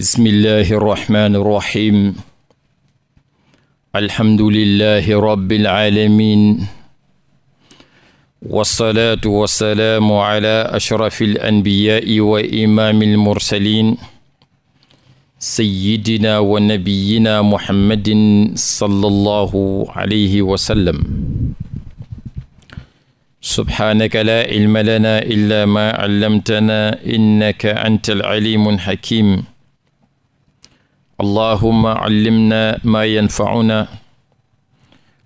bismillahi irrahmani irrahim alhamdulillahi rabbil alamin wassalaatu wassalaamu ala ashrafi alanbiyaai wa imaami almursalin sayyidina wa nabiyina muhammadin sallallahu alayhi wa sallam subhaanaka laa ilma lanaa illaa maa allamtanaa innaka anta alalimu alhakim allahuma callimna maa yanfacuna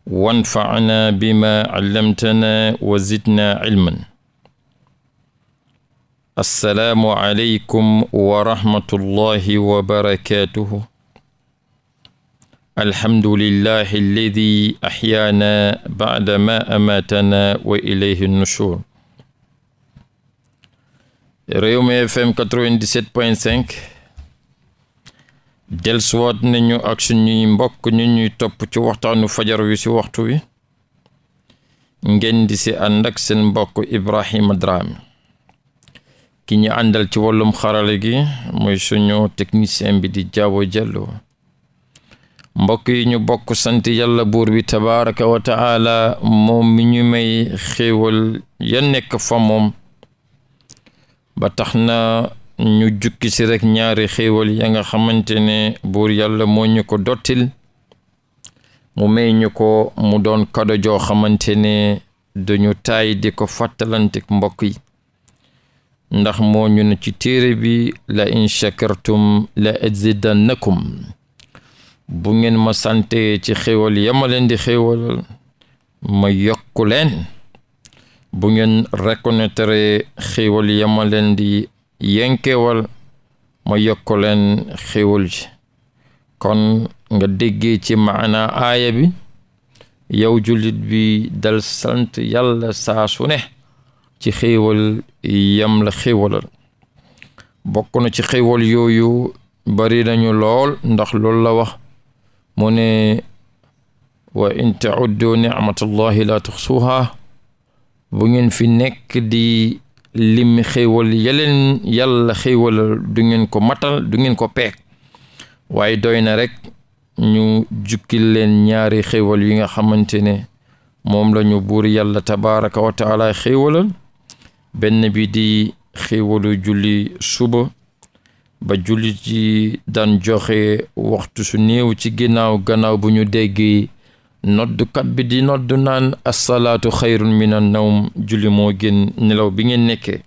wanfacna bima callamtana wa zidna cilman assalaamu aleykum wa rahmatullahi wa barakaatuhu alhamdulillahi alladi axyaana bacda ma amaatana wa ilayhi nushur Rewmi FM 97.5 delswaat nañu ak suñuy mbokk ñu ñuy topp ci waxtaanu fajar wi ci waxtu wi ngeen di si ànd ak seen mbokk Ibrahima Drame ki ñu àndal ci wàllum xarala gi mooy suñu technicien bi di jaabo jàllo mbokk yi ñu bokk sant yàlla buur wi tabaraka wa taala moom mi ñu may xéewal ya nekk fa moom ba tax na ñu jukki si ñaari xéewal ya nga xamante ne buur yàlla moo ñu ko dottil mu may ñu ko mu doon kado joo xamante ne duñu taay di ko fàttalantik mbokk yi ndax moo ñu ne ci téere bi la in shakartum la azidannakum bu ngeen ma sante ci xéewal ya ma di xéewalal ma yokku leen bu ngeen reconnaître xéewal ya ma yenkewal ma yokk leen ji kon nga déggee ci maana aaya bi yow julit bi dal sant yàlla saa ne ci xéwal yam la xéwalal bokk na ci xéwal yooyu bari nañu lool ndax loolu la wax mu ne wa in tauddu nicmatallahi la tuxsuha bu ngeen fi nekk di lim xéewal yeleen yàlla xéewalal du ngeen ko matal du ngeen ko peek waaye doy na rek ñu jukkil leen ñaari xéewal yi nga xamante ne moom lañu buur yàlla tabaraka wa taala benn bi di xéewalu julli suba ba julli ci daan joxe waxtu su néew ci ginnaaw gannaaw bu ñu dégg noddukat bi di noddu naan assalaatu xayrun mina nawm julli moo gën nelaw bi ngeen nekkee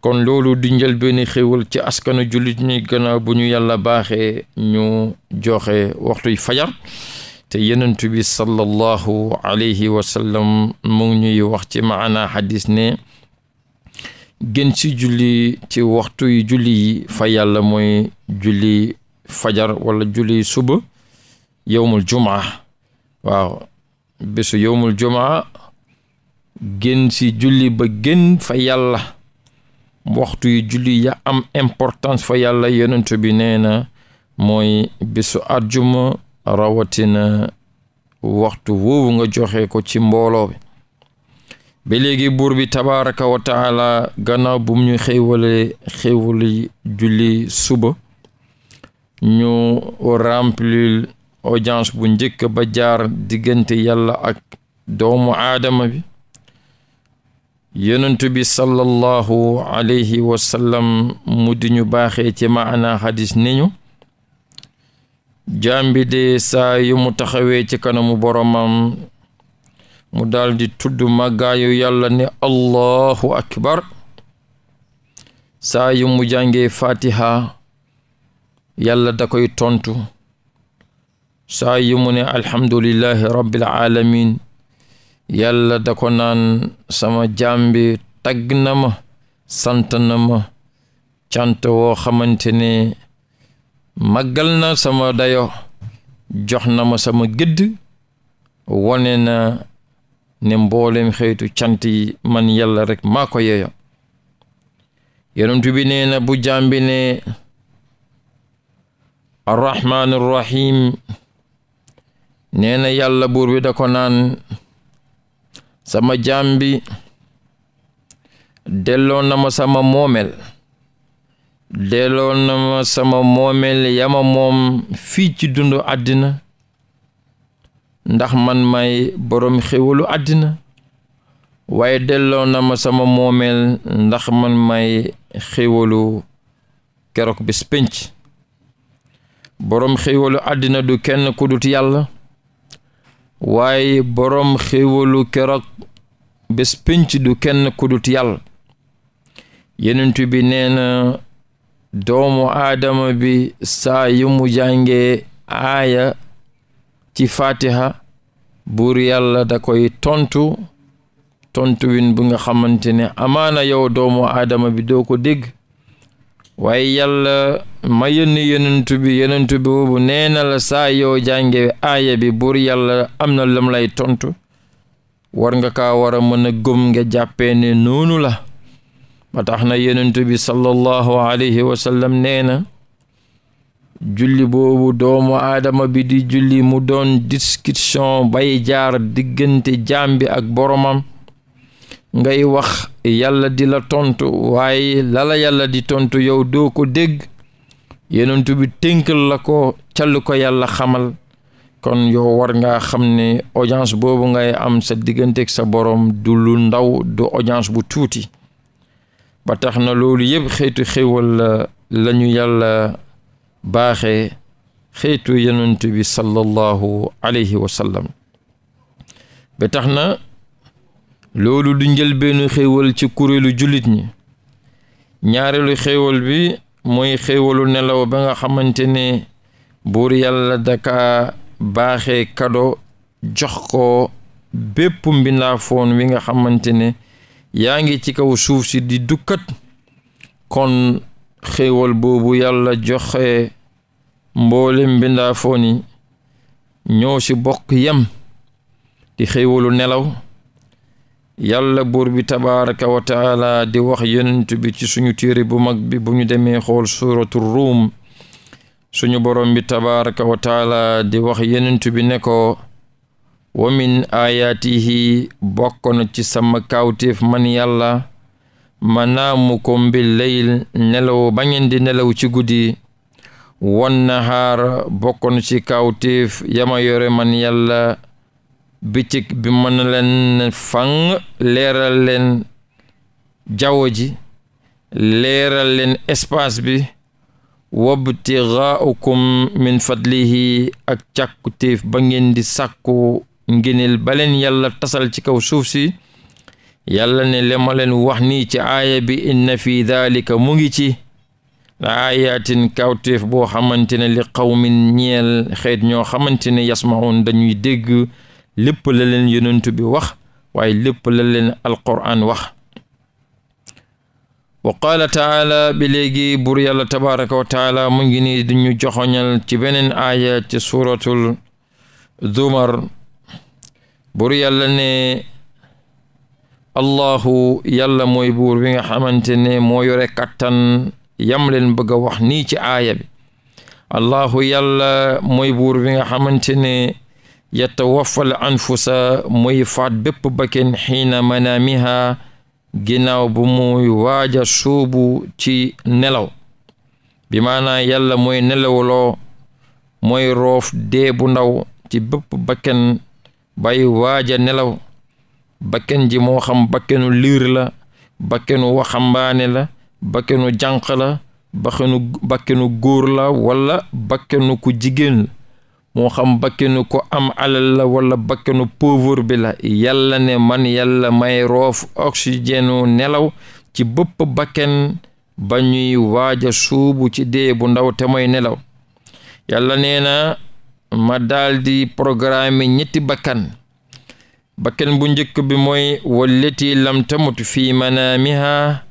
kon loolu di njëlbéeni xéwal ci askanu jullit ñi gannaaw bu ñu yàlla baaxee ñu joxe waxtuy fajar te yenent bi sallallahu alayhi wa sallam mu ngi ñuy wax ci maana xadis ne gën ci julli ci waxtuy julli yi fa yàlla mooy julli fajar wala julli suba yowmul jumaa waaw bésu yowmul jumaa gën ci julli ba gën fa yàlla waxtu yu julli ya am importance fa yàlla yonent bi nee na mooy bésu àjjuma rawatina waxtu woowu nga joxe ko ci mbooloo bi ba léegi buur bi tabaraka wa taala gannaaw bu ñu xéewale xéewali julli suba ñu remplir audience bu njëkk ba jaar diggante yàlla ak doomu aadama bi yonentu bi sallallahu alayhi wa sallam mu di ñu baaxee ci maanaa xadis ni jaambi de saa yu mu taxawee ci kanamu boromam mu daldi tudd màggaayu yàlla ne allahu akbar saa yu mu jàngee fatiha yàlla da tontu saa yu mu ne alhamdulillahi rabbil alamin yàlla da ko naan sama jàmbi tagg na ma sant na ma cant woo xamante ne màggal na sama dayo jox na ma sama gëdd wone na ne mboolem xeetu cant yi man yàlla rek maa ko yeeyo yonent nee na bu jàmbi ne arrahmaanirrahim nee na yàlla buur bi da ko naan sama jaam bi delloo na ma sama moomeel delloo na ma sama moomeel yama moom fii ci dundu àddina ndax man may boroom xéwalu àddina waaye delloo na ma sama moomeel ndax man may xéwalu keroog bis pénc boroom xéwalu àddina du kenn ku dut yàlla waaye boroom xéewalu keroog bés pinc du kenn kudut yàlla yenent bi neena doomu aadama bi saa yu jàngee aaya ci fatiha buur yàlla da koy tontu tontu tontuwin bu nga xamante ne amaana yow doomu aadama bi doo ko dégg waaye yàlla ma yónni yonentu bi yonentu bi nee na la saa yoo jànge aaya bi buur yàlla am na lam lay tontu warnga ka kaa war a mën a gëm nga jàppee ne noonu la ba tax na yonentu bi sallallahu alayhi wa sallam nee na julli boobu doomu aadama bi di julli mu doon discussion bay jaar diggante jaam bi ak boromam ngay wax yàlla di la tontu waaye lala yàlla di tontu yow doo ko dégg yonent bi tënkal la ko callu ko yàlla xamal kon yow war nga xam ni audience boobu ngay am sa digganteeg sa boroom du lu ndaw du audience bu tuuti ba tax na loolu yëpp xeetu xéwal la yàlla baaxe xeetu yonent bi sallallahu alayhi wa sallam ba tax na loolu du njëlbeenu xéwal ci kuréelu jullit ñi ñaareelu xéwal bi mooy xéewalu nelaw ba nga xamante ne buur yàlla daka baaxe kado jox ko bépp mbindaafoon wi nga xamante ne yaa ngi ci kaw suuf si di dukkat kon xéewal boobu yàlla joxe mboole mbindaafoon yi ñoo ci bokk yam di xéewalu nelaw yàlla buur bi tabaraka wa di wax yonent bi ci suñu téere bu mag bi buñu ñu demee xool ruum suñu borom bi tabaraka wa di wax yonent bi ne ko wa min aayaatihi bokk na ci sama kawtéef man yàlla manaamukum bil leyl nelaw ba ngeen di nelaw ci guddi wan nahaar bokk ci kawtéef yama yore man yàlla bëccëg bi mën na leen fang leeral leen jaww ji leeral leen espace bi wabtighaakum min fadlihi ak càkkutéef ba ngeen di sàkku ngeneel ba leen yàlla tasal ci kaw suuf si yàlla ne le ma wax nii ci aaya bi inna fi daalika mu ngi ci la aayaatin kawtéef boo xamante ne li qawmin ñeel xeet ñoo xamante ne yasmaun dañuy lépp la leen yonent bi wax waaye lépp la leen alquran wax wa qaala taala bi léegi buur yàlla tabaraka wa taala mu ngi nii duñu joxoñal ci beneen aaya ci suuratul zumar buur yàlla ne allahu yàlla mooy buur bi nga xamante ne moo yore kattan yam leen bëgg wax nii ci aaya bi allahu yàlla mooy buur bi nga xamante yatawaffal anfusa moy faat bépp bakken xiina manaamiha ginnaaw bu muy waaja suubu ci nelaw bi maanaa yàlla mooy nelawloo mooy roof dee bu ndaw ci bépp bakken bay waaja nelaw bakken ji moo xam bakkenu liir la bakkenu waxambaane la bakkenu jànq la bakkenu bakkenu góor la wala bakkenu ku jigéen moo xam bakkenu ko am alal la wala bakkenu pauvre bi la yàlla ne man yàlla may roof oxygène nelaw ci bëpp bakken ba ñuy waaja suubu ci dee bu ndaw te moy nelaw yàlla nee ma daldi programme ñetti bakkan bakken bu njëkk bi mooy wallati lam tamut fii manaamiha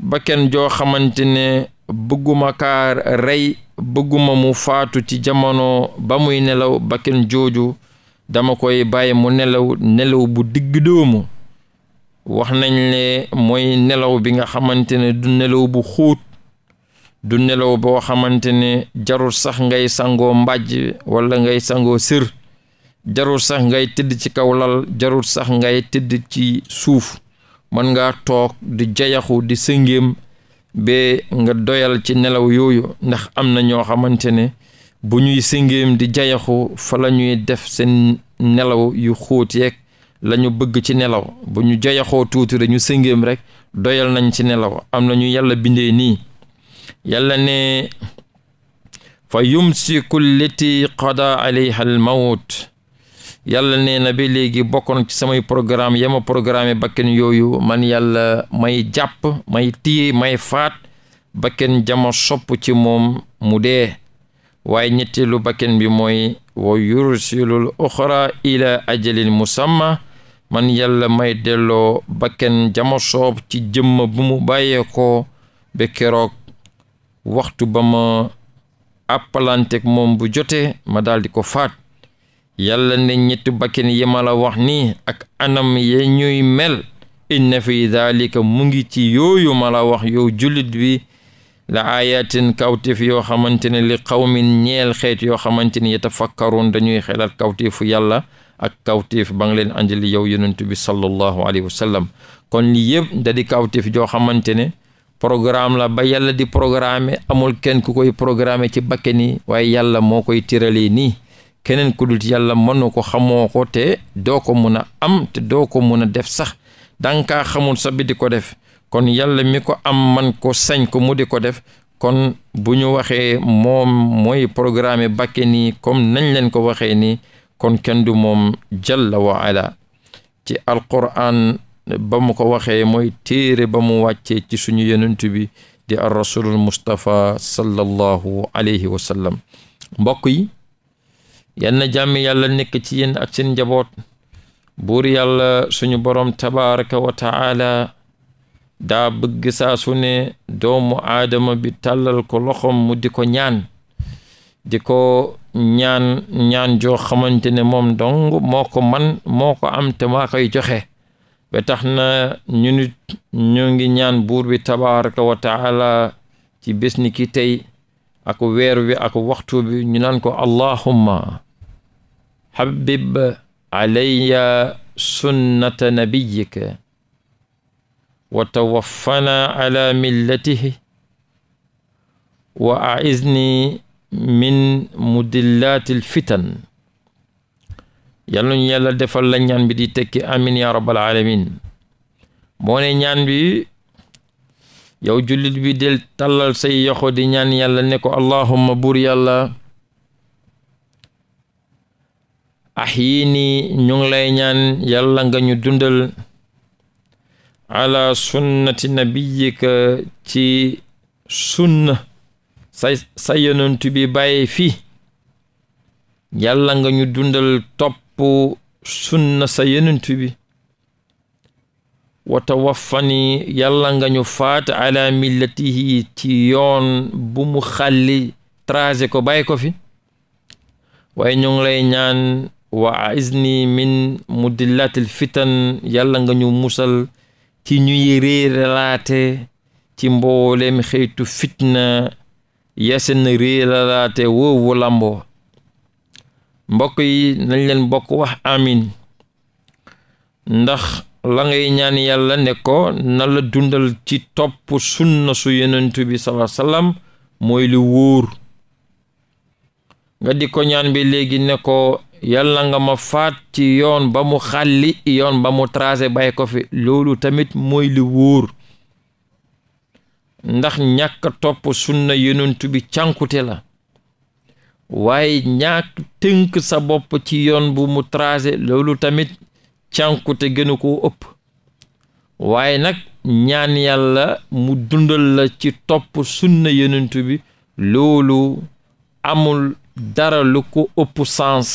bakken joo xamante ne bëgguma kaar rey bëgguma mu faatu ci jamono ba muy nelaw bakken jooju dama koy bàyyi mu nelaw nelaw bu digg doomu wax nañ ne mooy nelaw bi nga xamante ne du nelaw bu xuut du nelaw boo xamante ne jarul sax ngay sangoo mbàjj walla ngay sangoo sër jarul sax ngay tëdd ci kaw lal jarul sax ngay tëdd ci suuf mën ngaa toog di jayaxu di sëngéem ba nga doyal ci nelaw yooyu ndax am na ñoo xamante ne bu ñuy singéem di jayaxu fa la ñuy def seen nelaw yu xóot yeeg lañu bëgg ci nelaw bu ñu jayaxoo tuuti rek ñu singéem rek doyal nañ ci nelaw am na ñu yàlla bindee nii yàlla ne fa yumsiku lleti qada alayha al mawt yàlla nee na ba léegi bokkoon ci samay programme yama programme bakken yooyu man yàlla may jàpp may téye may faat bakken jama sopp ci moom mu dee waaye ñetteelu bakken bi mooy wo yursilul oxra ila ajalin musamma man yàlla may delloo bakken jama soob ci jëmma bu mu bàyyeekoo ba keroog waxtu ba ma àppalanteeg moom bu jotee ma daldi ko faat yàlla ne ñetti bakkan yi ma la wax nii ak anam ye ñuy mel inna fi daalika mu ngi ci yooyu ma la wax yow jullit bi la ayatin kawtif yoo xamante ne li qawmin ñeel xeet yoo xamante ne yatafakkaruun dañuy xelal kawtifu yàlla ak kawtif ba nga leen anjali yow yonent bi sallallahu alayhi wa kon li yëpp da kawtif joo xamante ne programme la ba yàlla di programmer amul kenn ku koy programme ci bakkan yi waaye yàlla moo koy tiralee nii keneen ku dul yàlla mënu ko xamoo ko te doo ko mun a am te doo ko mun a def sax danga xamul sa bi di ko def kon yàlla mi ko am man ko sañ ko mu di ko def kon bu ñu waxee moom mooy programme bàkke nii comme nañ leen ko waxee nii kon kenn du moom jalla wa ala ci alquran ba mu ko waxee mooy téere ba mu wàccee ci suñu yonent bi di ar rasulul mustapha sallallahu alayhi wa sallam yenn jàmm yàlla nekk ci yéen ak seen njaboot buur yàlla suñu borom tabaraka wa daa bëgg saa su ne doomu aadama bi tàllal ko loxom mu di ko ñaan di ko ñaan ñaan joo xamante ne moom dong moo ko man moo am te maa joxe ba tax na ñu nit ngi ñaan buur bi tabaraka wa ci bés ni ki tey ak weer wi ak waxtu bi ñu naan ko allahumma habib alayya sunnata nabiyika wa tawaffana ala millatihi wa aizni min mudillatil fitan yal nañu yàlla defal la ñaan bi di tekki amin ya rabbal alamin moo ne yow jullit bi del tàllal say yoxo di ñaan yàlla ne ko allahumma buur yàlla ax yii nii ñu lay ñaan yàlla nga ñu dundal ala sunnati nabiyika ci sunna sa sa yonent bi bàyyi fii yàlla nga ñu dundal topp sunna sa yonent bi wa tawaffani yàlla nga ñu faat ala millatihi ci yoon bu mu xàlli tracé ko bàyyi ko fi way ñu lay ñaan wa izni min mu di mudillatil fitan yàlla nga ñu musal ci ñuy réeralaate ci mbooleem xëytu fitna yaseen réeralaate woowu lamboo mbokk yi nañ leen bokk wax amin ndax la ngay ñaan yàlla nekkoo ko dundal ci topp sunna su yonent bi sallallahu alayhi mooy lu wóor nga di ko ñaan bi léegi ne ko yàlla nga ma faat ci yoon ba mu xàlli yoon ba mu tracé bàyyi ko fi loolu tamit mooy lu wóor ndax ñàkk topp sunna yonent bi cànkute la waaye ñàkk tënk sa ci yoon bu mu tracé loolu tamit cànku te gënu koo ëpp waaye nag ñaan yàlla mu dundal la ci topp sunna yonent bi loolu amul dara lu ko ëpp sens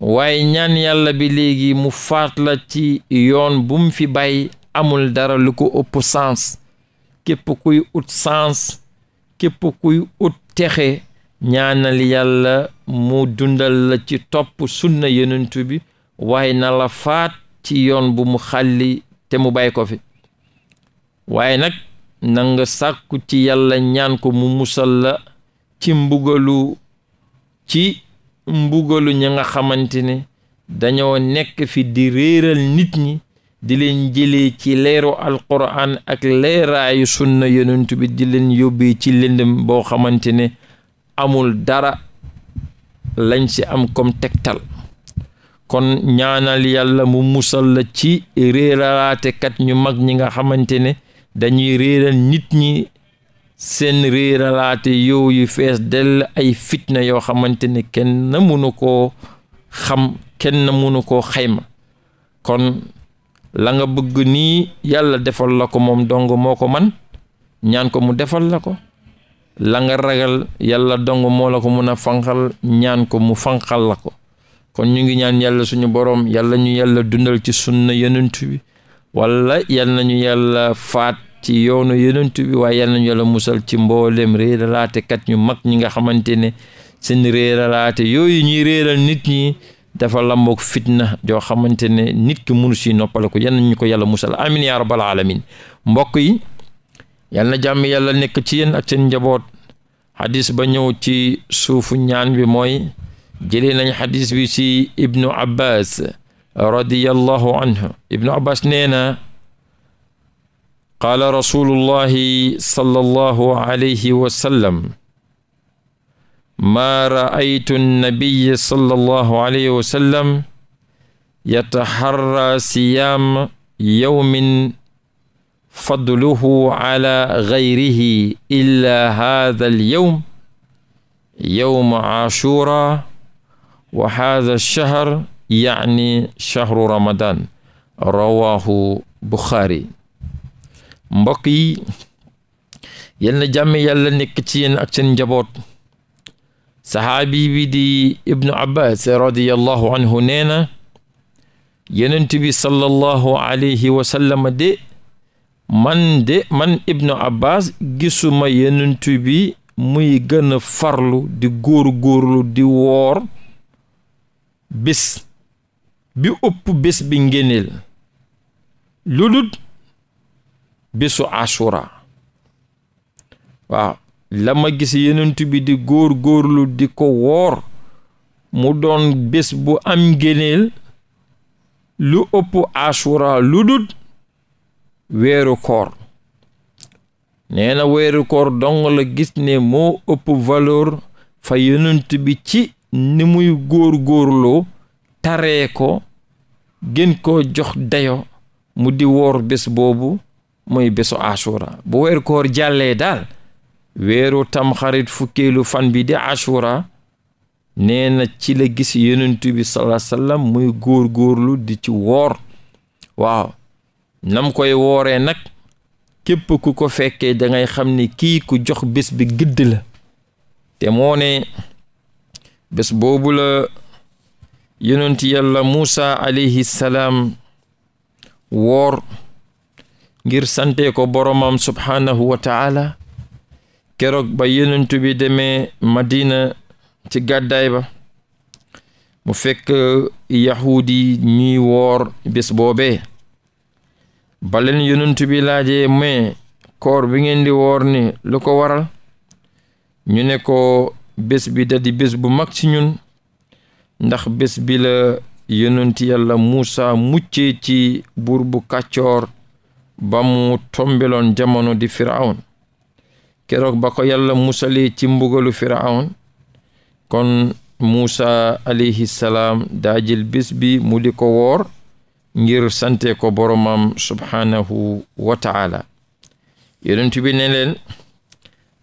waaye ñaan yàlla bi léegi mu faat la ci yoon bu mu fi bàyyi amul dara lu ko ëpp sens képp kuy ut sens képp kuy ut texe ñaanal yàlla mu dundal la ci topp sunna yenuntu bi waaye nala la faat ci yoon bu mu xàlli te mu bàyyi ko fi waaye nag nanga sàkku ci yàlla ñaan ko mu musal la ci mbugalu ci mbugalu ña nga xamante ne dañoo nekk fi di réeral nit ñi di leen jëlee ci leeru alquran ak leeraayu sunna yonent bi di leen yóbbee ci lëndëm boo xamante ne amul dara lañ ci am comme tegtal kon ñaanal yàlla mu musal la ci kat ñu mag ñi nga xamante ne dañuy réeral nit ñi seen réeralaate yow yu fees dell ay fitna yoo xamante ne kenn mënu koo xam kenn mënu koo xayma kon la nga bëgg nii yàlla defal la ko moom dong moo ko man ñaan ko mu defal la ko la nga ragal yàlla dong moo la ko mun a fanqal ñaan ko mu fanqal la ko kon ñu ngi ñaan yàlla suñu borom yàlla ñu yàlla dundal ci sunna yenent bi wala yàlla nañu yàlla faat ci yoonu yenent bi waaye yàlla nañu yàlla musal ci mboolem laate kat ñu mag ñi nga xamante ne seen réeralaate yooyu ñuy réeral nit ñi defal lamboog fitna joo xamante ne nitki ki si noppale ko yal nañu ko yàlla musal amin ya rabbal alamin mbokk yi yal na jàmm yàlla nekk ci yéen ak seen njaboot hadis ba ñëw ci suufu ñaan bi mooy jëlee nañ xadis bi ci ibnu abbas radiyallahu anhu ibnu abbas nee na qaala rasulullahi sallallahu alayhi wa sallam maa raaytu nnabiya sallallahu alayhi wa sallam yataxarra siyaam yawmin fadluhu ala gayrihi illa haadha alyawm yawma aashura wa haadha ash-shahr ramadan rawahu buxaari mbokk yi yal na jàmm yàlla nekk ci yéen ak seen njaboot sahaabi bi di ibnu abbas radiallahu anhu nee na yenent bi sallallahu alayhi wa de man de man ibnu abbas gisuma yenent bi muy gën a farlu di góor góorlu di woor bés bi ëpp bés bi ngéneel lu dul bésu asura waaw la ma gis yenent bi di góor góorlu di ko woor mu doon bés bu am ngéneel lu ëpp asura lu dul weeru koor nee weeru koor dong la gis ne moo ëpp valeur fa yenent bi ci ni muy góor góorlu taree ko gën koo jox dayo mu di woor bés boobu mooy bésu ashura bu weer koor jàllee daal weeru tamxarit fukkeelu fan bi di ashura nee na ci la gis yonent bi sallallahu muy góor góorlu di ci woor waaw nam koy wooree nag képp ku ko fekkee dangay xam ni kii ku jox bés bi gëdd la te moo ne bés boobu la yonent Muusa alayhi salaam woor ngir sante ko boromam subhaanahu wa keroog ba yonent bi demee Madina ci gàddaay ba mu fekk yahuudi ñuy woor bés boobee baleen yonent bi laajee mais koor bi ngeen di woor ni lu ko waral ñu ne ko bés bi da di bés bu mag ci ñun ndax bés bi la yonenti yàlla Muusa muccee ci buur bu kàccoor ba mu tombeloon jamono di firawn keroog ba ko yàlla musalee ci mbugalu firawn kon Muusa alayhi salaam daa jël bés bi mu di ko woor ngir sante ko boromam subhaanahu wa taala bi ne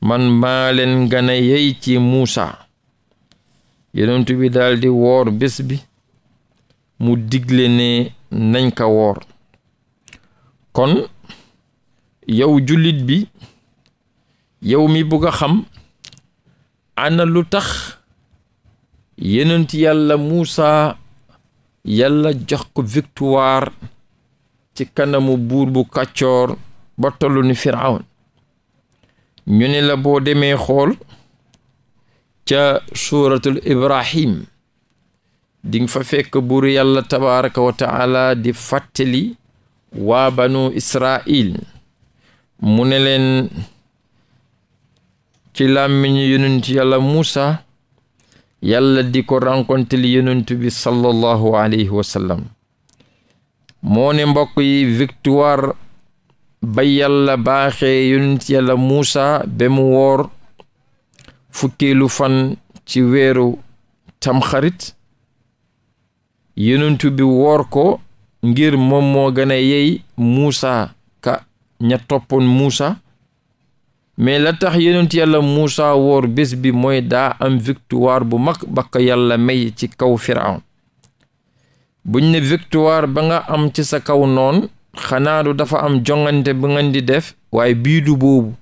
man maa leen gën yey ci muusaa yonent bi daldi woor bés bi mu digle ne nañ ka woor kon yow jullit bi yow mi bugg xam ana lu tax yonent yàlla Muusa yàlla jox ko victoire ci kanamu buur bu kàccoor ba tollu ni Firawun ñu ne la boo demee xool ca suuratul ibrahim di fa fekk buur yàlla tabaraka wa di fàttali waa banu israil mu ne leen ci làmmiñu yonent yàlla muusa yàlla di ko rencontre li yonent bi sallallahu alayhi wa sallam moo victoire ba yàlla baaxee yonent yàlla Muusa ba woor fukkeelu fan ci weeru tamxarit yonentu bi woor ko ngir moom moo gën yey Muusa ka ña toppoon Muusa mais la tax yonent yàlla Muusa woor bés bi mooy daa am victoire bu mag ba ko yàlla may ci kaw Firawn buñ ne victoire ba nga am ci sa kaw noon xanaa du dafa am jongante bu ngeen di def waaye bii du boobu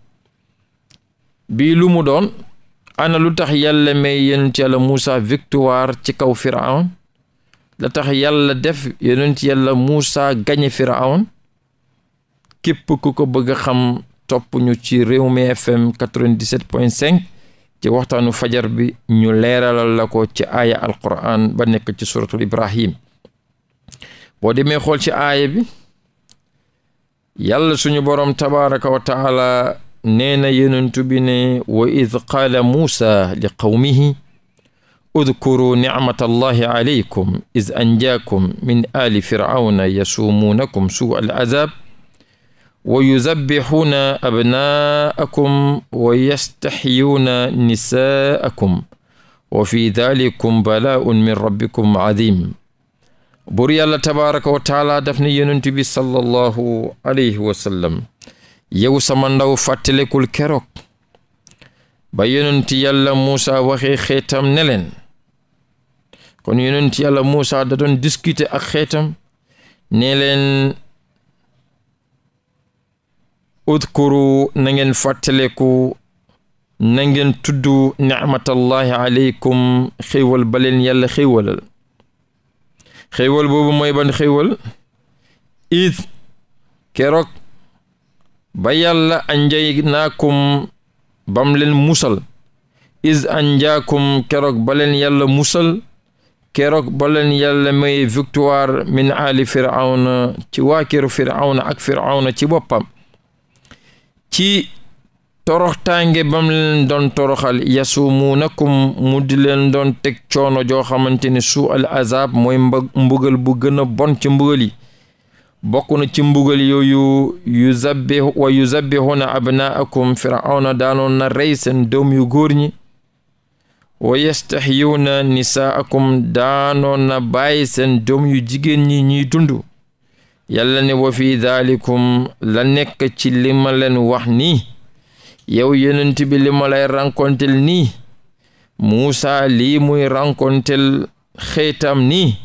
bii lu doon ana lu tax yàlla may yonent yàlla Muusa victoire ci kaw Firawn la tax yàlla def yonent yàlla Muusa gañe Firawn képp ku ko bëgg xam topp ñu ci Rewmi FM 97.5 ci waxtaanu fajar bi ñu leeralal la ko ci aaya alquran ba nekk ci suratul Ibrahim boo demee xool ci aaya bi yàlla suñu boroom tabaraka wa taala nee na yenentu bi ne wa id qaala muusa li qawmihi udkuru nicmat allahi alaykum id anjaakum min ali firawna yasuumuunakum suu al azab wa yuzabbixuuna abnaa'akum wa yastaxyuuna nisaa'akum wa fi daalikum balaaun min rabbikum cadiim buur yàlla tabaaraka wa taala daf ne yonent bi sallallahu alayhi wa sallam yow sama ndaw fàttalekul keroog ba yonent yàlla Muusa waxee xeetam ne leen kon yonent yàlla Muusa da doon discuter ak xeetam ne leen udkuru na ngeen fàttaleku na ngeen tudd nicmatallahi aleykum xéewal ba leen yàlla xéewalal xéewal boobu mooy ban xéewal it keroog ba yàlla anjay naakum bam leen musal is anjaakum keroog ba leen musal keroog ba leen yàlla may victoire min aali firawna ci waakiru firawna ak firawna ci boppam ci toroxtaange bam leen doon toroxal yasumuunakum mu di leen doon teg coono joo xamante ne suu al azab mooy mbugal bu gën bon ci mbugal yi bokk na ci mbugal yooyu yu zabbi wa yu zabbihuna abnaakum firawna daanoon na rey seen doom yu góor ñi wa yastaxiyuuna nisaakum daanoon na bàyyi seen doom yu jigéen ñi ñuy dund yàlla ne wa daalikum la nekk ci li ma leen wax nii yow yonent bi li nii Muusa lii muy renkontel xeetam nii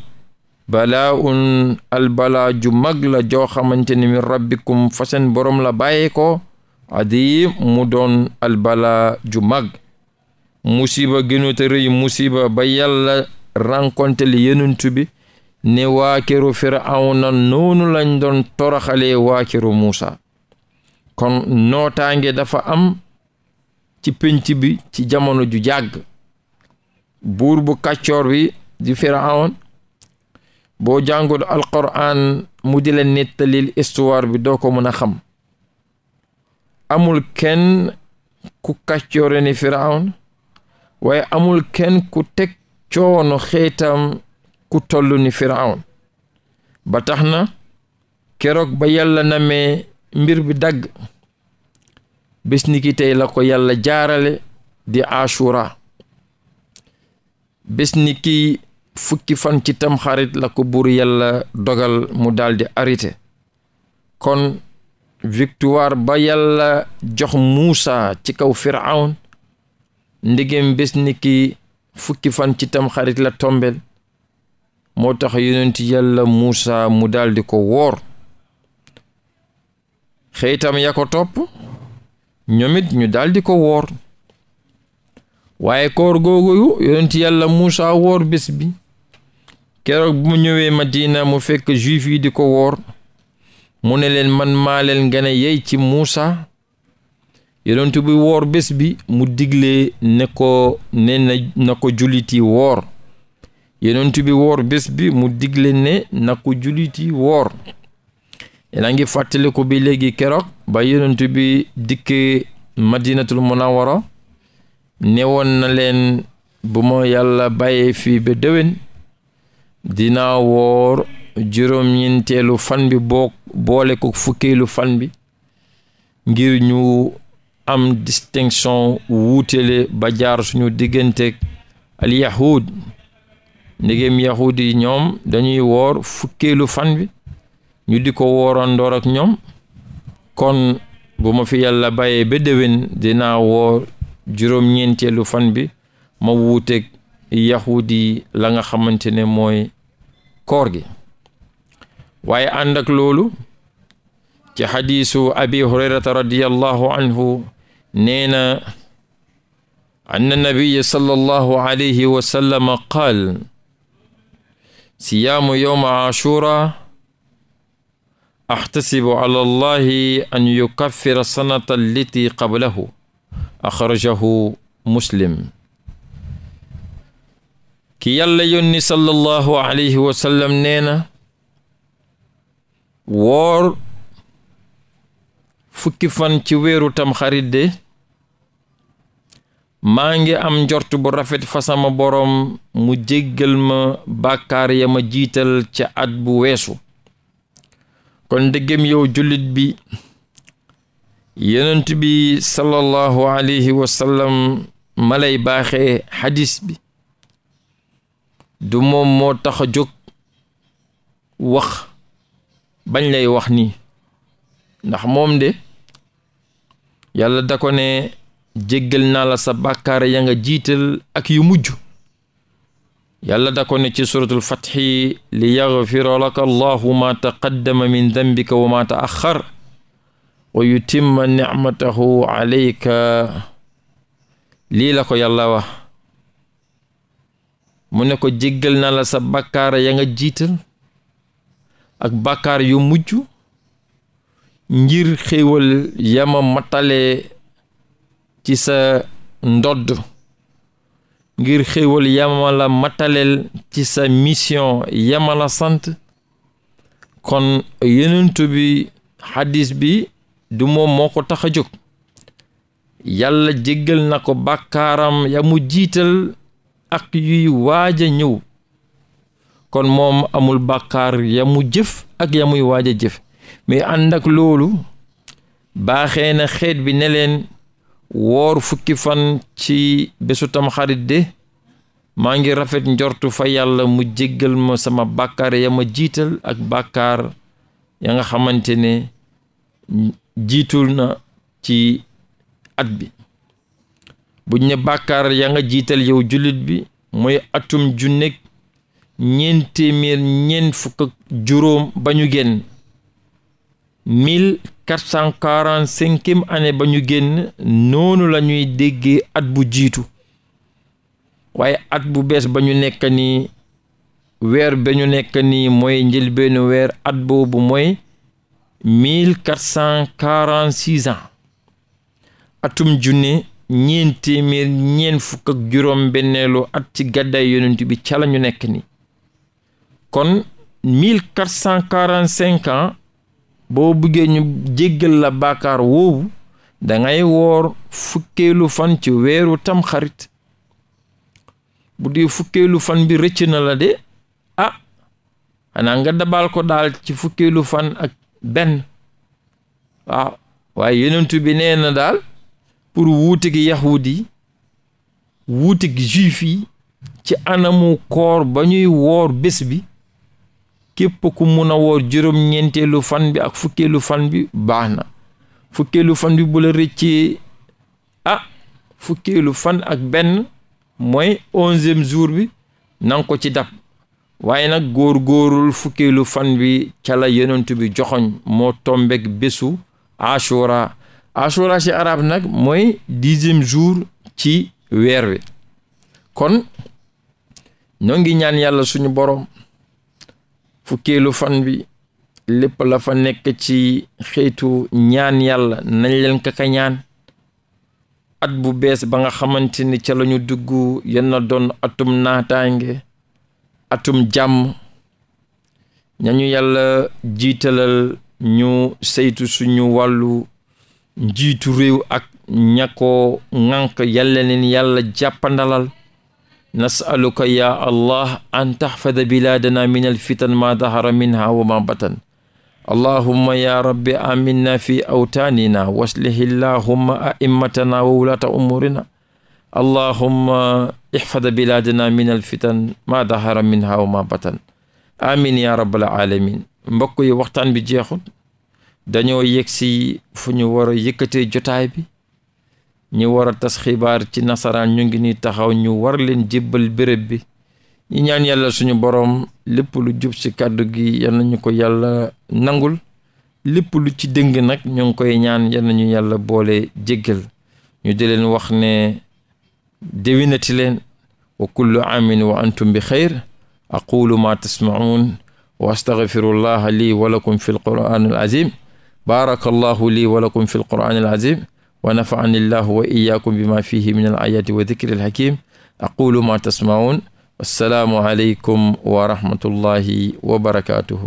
balaa un albalaa ju mag la joo xamante ni min rabbikum fa seen boroom la bàyyee ko adim mu doon albalaa ju mag musiba gënu te musiba ba yàlla renkontel yonent bi ne waakiru firawna noonu lañ doon toraxalee waakiru Muusa kon nootaange dafa am ci pénc bi ci jamono ju jàgg buur bu kàccoor bi di firaawon boo jàngul alquran mu di nettalil histoire bi doo ko mën a xam amul kenn ku kàccoore ni firaawon waaye amul kenn ku teg coono xeetam ku tollu ni firaawon ba tax na keroog ba yàlla namee mbir bi dagg bés la ko yàlla jaarale di ashura bés ni ki fukki fan ci tamxarit la ko buur yalla dogal mu daldi arrêté kon victoire ba yàlla jox Muusa ci kaw Firawn ndigem bés fukki fan ci tamxarit la tombel moo tax yonent yàlla Muusa mu daldi ko woor xëytam ya ko topp ñoomit ñu daldi ko woor waaye koor googu yonent yàlla Muusa woor bés bi keroog bu mu ñëwee Madina mu fekk juif yi di ko woor mu ne leen man maa leen gën a yey ci Muusa yonent bi woor bés bi mu digle ne ko ne na na ko juliti woor yonent bi woor bés mu digle ne na ko juliti woor yéen a ngi fàttaliku bi léegi keroog ba yonent bi dikkee madinatul munawwara newoon na leen bu ma yàlla bàyyee fii ba déwén dinaa woor juróom-ñeenteelu fan bi boo boole ko fukkeelu fan bi ngir ñu am distinction wuutele ba jaar suñu diggante al yahud ndegem yahud ñoom dañuy woor fukkeelu fan bi ñu di ko wooroon door ñoom kon bu ma fi yàlla bayee ba déwén dinaa woor juróom-ñeenteelu fan bi ma wuuteeg yahudi la nga xamante ne mooy koor gi waaye ànd loolu ci xadiisu abi hurayrata radiallahu anhu nee na anna nabiya sallallahu alayhi wa sallam siyaamu yowma ashura axtasibu ala allahi an yukaffira sanata allati qablahu axrajahu muslim ki yàlla yónni sallallahu alayhi wa sallam nee na woor fukki fan ci weeru tam xarit de maa ngi am njort bu rafet fa sama boroom mu jéggal ma bàkkaar ya ma jiital ca at bu weesu kon ndegem yow jullit bi yonent bi sallallahu alayhi wa malay baaxe xadis bi du moom moo tax a jóg wax bañ lay wax ni ndax moom de yàlla da ko ne jéggal naa la sa bàkkaar ya nga jiital ak yu mujj yàlla da ne ci suratul fatxi li yaxfira laka taqaddama min dambika wa ma taaxar wa yutimma nicmatahu alayka lii la ko yàlla wax mu ne ko jéggal nala sa bàkkaara ya jiital ak bàkkaar yu mujj ngir xéewal yama matale ci sa ndodd ngir xéewal yama la mataleel ci sa mission yamala sant kon yenentu bi xadis bi du moom moo ko tax a jóg yàlla jéggal na ko bàkkaaram ya mu jiital ak yuy waaja ñëw kon moom amul bàkkaar ya mu jëf ak ya muy waaj a jëf mais ànd ak loolu baaxee na xeet bi ne woor fukki fan ci bésu tamxarit de maa ngi rafet njortu fa yàlla mu jéggal ma sama bàkkaar ya ma jiital ak bàkkaar ya nga xamante ne jiitul na ci at bi bu ne bàkkaar ya nga jiital yow jullit bi mooy atum ju nekk ñeent téeméer ñeent fukk ak juróom ba ñu génn quatre cent quarante année ba ñu génn noonu la ñuy déggee at bu jiitu waaye at bu bees ba ñu nekk ni weer bañu ñu nekk nii mooy njëlbeenu weer at boobu mooy mille quatre cent atum junne ñeent téeméer ñeent fukk juróom benneelu at ci gàddaay bi ca nekk nii kon boo buggee ñu jéggal la bàkkaar woowu dangay woor fukkeelu fan ci weeru tamxarit bu dee fukkeelu fan bi rëcc na la de ah xanaa nga dabal ko daal ci fukkeelu fan ak benn waaw ah, waaye yenentu bi nee na daal pour wuute gi yahud gi juif yi ci anamu koor ba ñuy woor bés bi képp ku mun a woor juróom-ñeenteelu fan bi ak fukkeelu fan bi baax na fukkeelu fan bi bu la rëccee ah, fukkeelu fan ak benn mooy onzième jour bi nanga ko ci dab waaye nag góor góorul fukkeelu fan bi cala la bi joxoñ moo tombek bésu ashura ashura ci arab nag mooy dixième jour ci weer wi kon ñoo ngi ñaan yàlla suñu boroom fukkeelu fan bi lépp la fa nekk ci xeetu ñaan yàlla nañ leen kaka ñaan at bu bees ba nga xamante ni ca lañu dugg yenn doon atum naataange atum jàmm ñañu yàlla jiitalal ñu saytu suñu wàllu njiitu réew ak ña ko ŋànk yàlla leen yàlla jàppandalal nasaluka ya allah an taxfada bilaadana min alfitan ma dahara minha wa ma batan ya rabbi aminna fi awtaanina waslih illahumma aimmatana wa wulaata umuurina amin ya rabbal alamin mbokk yi waxtaan bi jeexul dañoo yegg si fu ñu war a jotaay bi ñi war a tas xibaar ci nasaraan ñu ngi nii taxaw ñu war leen jébbal béréb bi ñi ñaan yàlla suñu boroom lépp lu jub ci kàddu gi yal nañu ko yàlla nangul lépp lu ci dëng nag ñu ngi koy ñaan yal nañu yàlla boole jéggal ñu di leen wax ne déwinati leen wa kullu amin wa antum bi xayr aqulu ma tasmaun wa astaghfirullaha lii wa lakum fi lii wa lakum fi l quran wa nafaani llahu wa iyaakum bi ma fihi min al ayati wa dikri alhakim aqulu ma tasmaun wassalaamu aleykum wa rahmatullahi wa barakatuhu